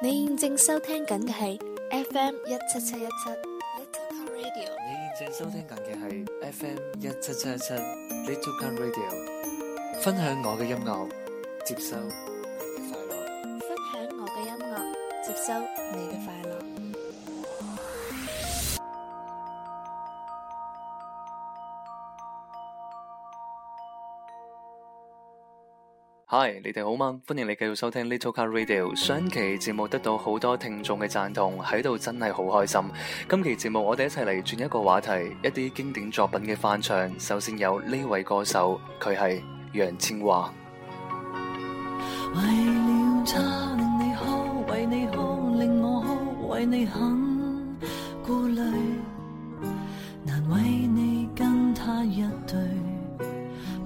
你現正收聽緊嘅係 FM 一七七一七。你現正收聽緊嘅係 FM 一七七一七。分享我嘅音樂，接受。嗨，你哋好嗎？歡迎你繼續收聽 Little Car Radio。上期節目得到好多聽眾嘅贊同，喺度真係好開心。今期節目我哋一齊嚟轉一個話題，一啲經典作品嘅翻唱。首先有呢位歌手，佢係楊千嬅。為了差令你哭，為你哭令我哭，為你很顧慮，難為你跟他一對。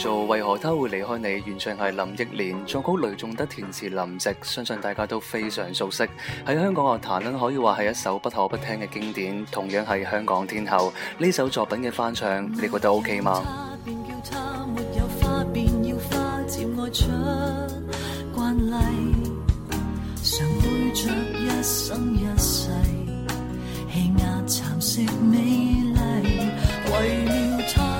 做，為何他會離開你？原唱係林憶蓮，作曲雷頌德，填詞林夕，相信大家都非常熟悉。喺香港樂壇咧，可以話係一首不可不聽嘅經典。同樣係香港天后呢首作品嘅翻唱，你覺得 OK 嗎？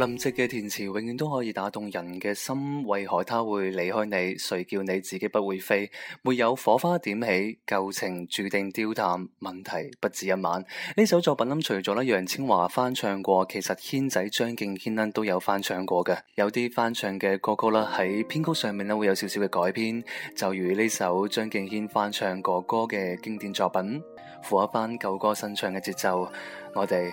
林夕嘅填詞永遠都可以打動人嘅心，為何他會離開你？誰叫你自己不會飛？沒有火花點起，舊情注定凋淡，問題不止一晚。呢首作品咁，除咗咧楊千嬅翻唱過，其實軒仔張敬軒都有翻唱過嘅。有啲翻唱嘅歌曲咧，喺編曲上面咧會有少少嘅改編。就如呢首張敬軒翻唱過歌嘅經典作品，符合返舊歌新唱嘅節奏，我哋。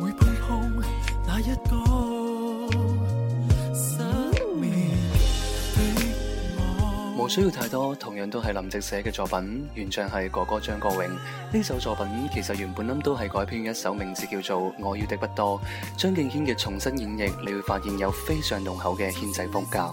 會一個我無需要太多，同樣都係林夕寫嘅作品，原唱係哥哥張國榮。呢首作品其實原本諗都係改編一首，名字叫做《我要的不多》。張敬軒嘅重新演繹，你會發現有非常濃厚嘅軒仔風格。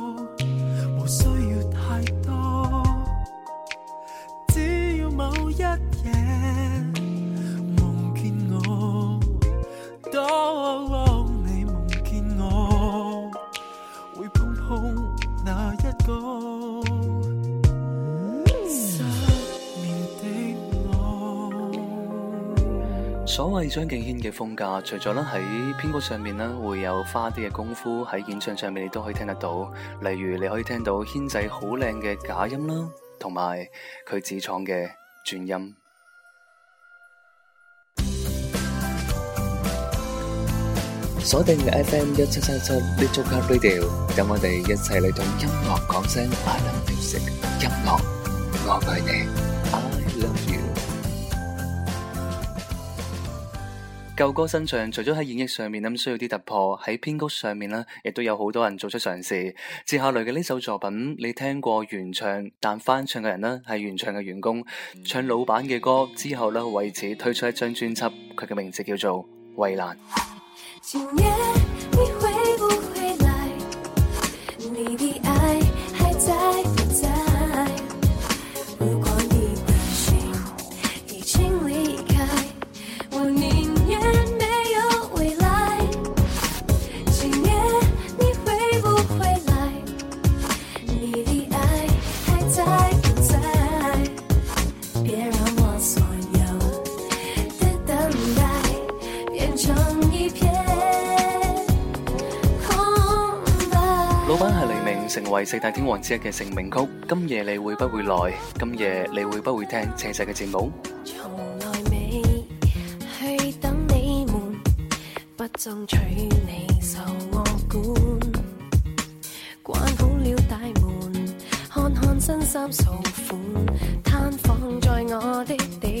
張敬軒嘅風格，除咗咧喺編曲上面咧會有花啲嘅功夫，喺演唱上面你都可以聽得到。例如你可以聽到軒仔好靚嘅假音啦，同埋佢自創嘅轉音。鎖定 FM 一七七七 Digital Radio，等我哋一齊嚟同音樂講聲，I Love Music，音樂我愛你。舊歌身上，除咗喺演繹上面需要啲突破，喺編曲上面呢，亦都有好多人做出嘗試。接下來嘅呢首作品，你聽過原唱，但翻唱嘅人呢，係原唱嘅員工。唱老闆嘅歌之後呢，為此推出一張專輯，佢嘅名字叫做《衛蘭》。今夜你會不會來，你的愛為四大天王之一嘅成名曲《今夜你會不會來》，今夜你會不會聽車仔嘅節目？從來未去等你們，不爭取你受我管，關好了大門，看看新衫數款，攤放在我的地。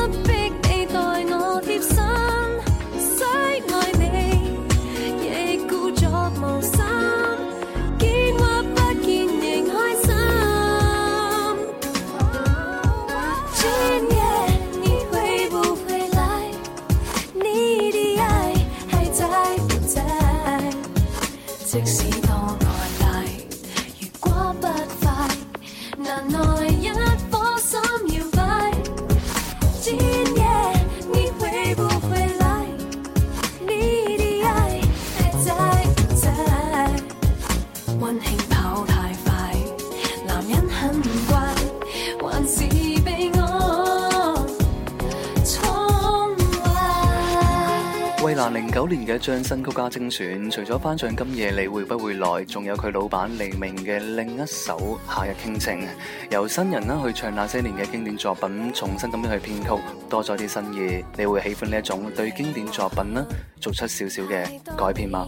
衛蘭零九年嘅張新曲加精選，除咗翻唱今夜你會不會來，仲有佢老闆黎明嘅另一首夏日傾情，由新人啦去唱那些年嘅經典作品，重新咁樣去編曲，多咗啲新意，你會喜歡呢一種對經典作品啦做出少少嘅改變嗎？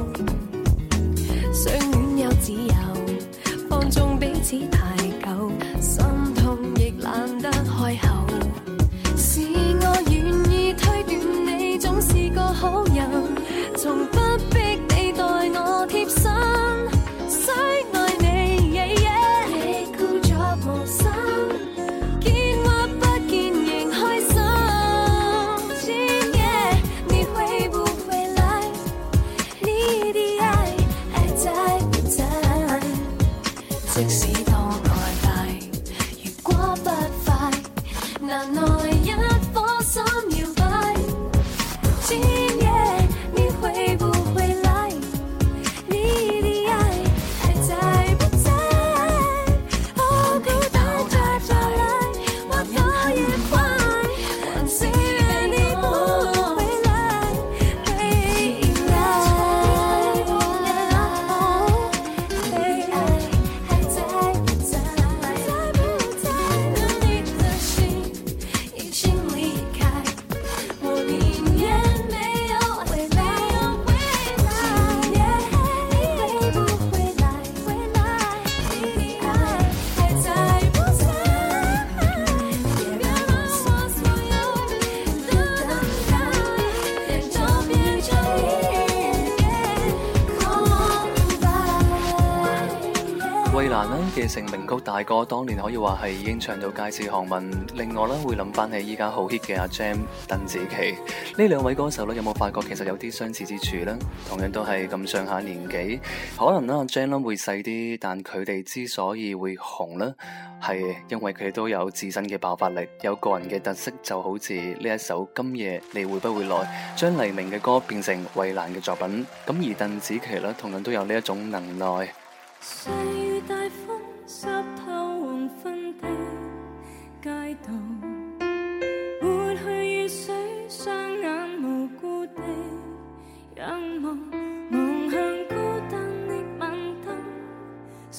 哥當年可以話係已經唱到街知巷聞，令我咧會諗翻起依家好 hit 嘅阿、啊、Jam 鄧紫棋呢兩位歌手咧，有冇發覺其實有啲相似之處呢？同樣都係咁上下年紀，可能咧阿 Jam 會細啲，但佢哋之所以會紅呢係因為佢哋都有自身嘅爆發力，有個人嘅特色，就好似呢一首《今夜你會不會來》，將黎明嘅歌變成衛蘭嘅作品，咁而鄧紫棋咧同樣都有呢一種能耐。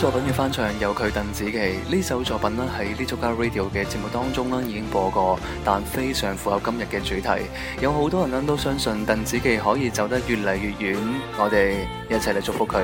作品嘅翻唱有佢鄧紫棋呢首作品咧，喺呢組家 radio 嘅節目當中啦已經播過，但非常符合今日嘅主題。有好多人咧都相信鄧紫棋可以走得越嚟越遠，我哋一齊嚟祝福佢。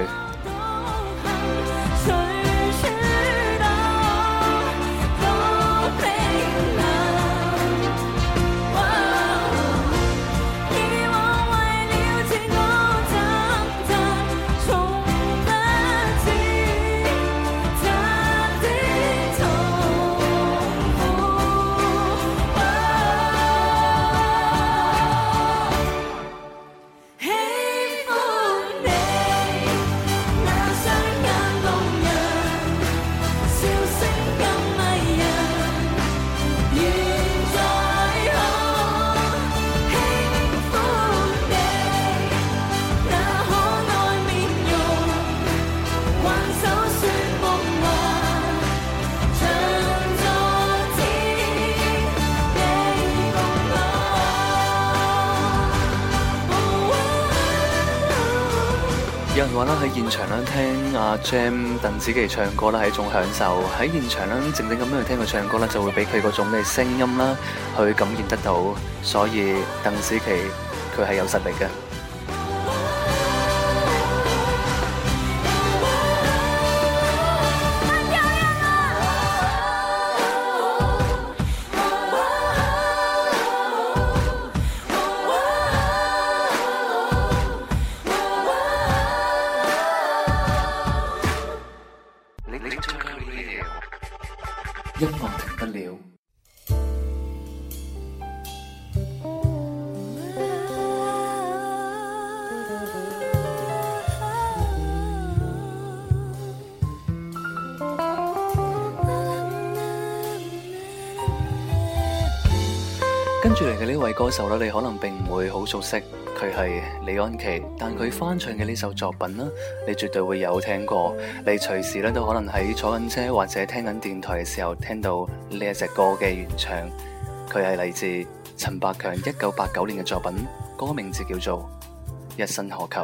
現場啦，聽阿 Jam、鄧紫棋唱歌啦，係一種享受。喺現場啦，靜靜咁樣去聽佢唱歌咧，就會俾佢嗰種嘅聲音啦，去感染得到。所以鄧紫棋佢係有實力嘅。位歌手啦，你可能並唔會好熟悉佢係李安琪，但佢翻唱嘅呢首作品啦，你絕對會有聽過。你隨時咧都可能喺坐緊車或者聽緊電台嘅時候，聽到呢一隻歌嘅原唱。佢係嚟自陳百強一九八九年嘅作品，歌名字叫做《一生何求》。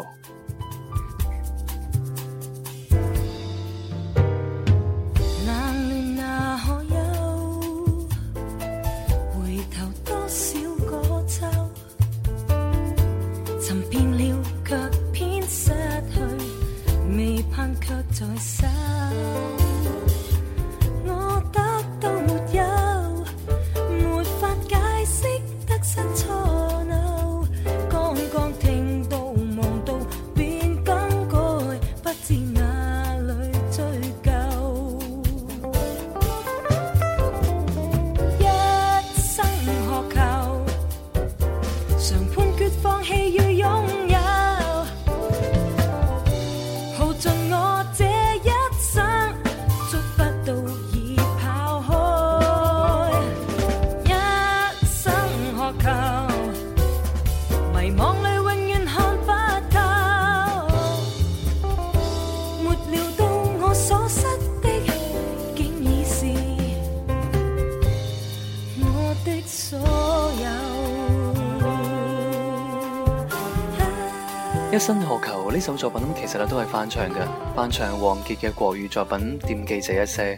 新學球呢首作品其實咧都係翻唱嘅，翻唱王傑嘅國語作品《惦記這一些》。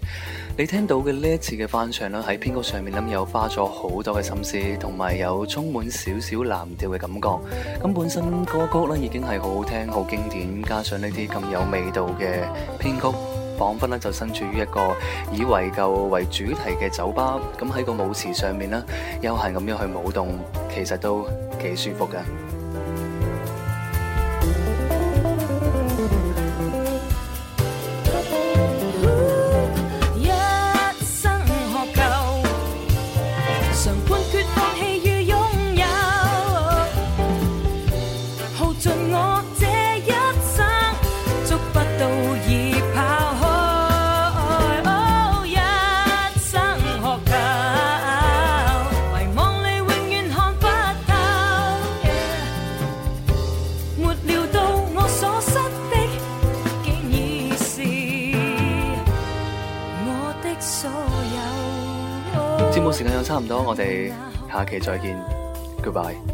你聽到嘅呢一次嘅翻唱咧，喺編曲上面諗又花咗好多嘅心思，同埋有充滿少少藍調嘅感覺。咁本身歌曲咧已經係好好聽、好經典，加上呢啲咁有味道嘅編曲，彷彿咧就身處於一個以懷舊為主題嘅酒吧。咁喺個舞池上面咧，悠閒咁樣去舞動，其實都幾舒服嘅。差唔多，我哋下期再見，Goodbye。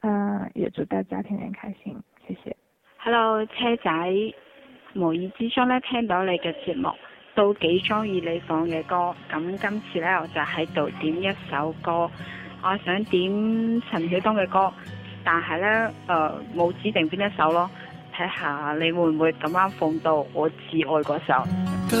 誒、啊，也祝大家天天開心，謝謝。Hello，車仔，無意之中咧聽到你嘅節目，都幾中意你放嘅歌。咁今次咧我就喺度點一首歌，我想點陳曉東嘅歌，但係咧誒冇指定邊一首咯，睇下你會唔會咁啱放到我至愛嗰首。跟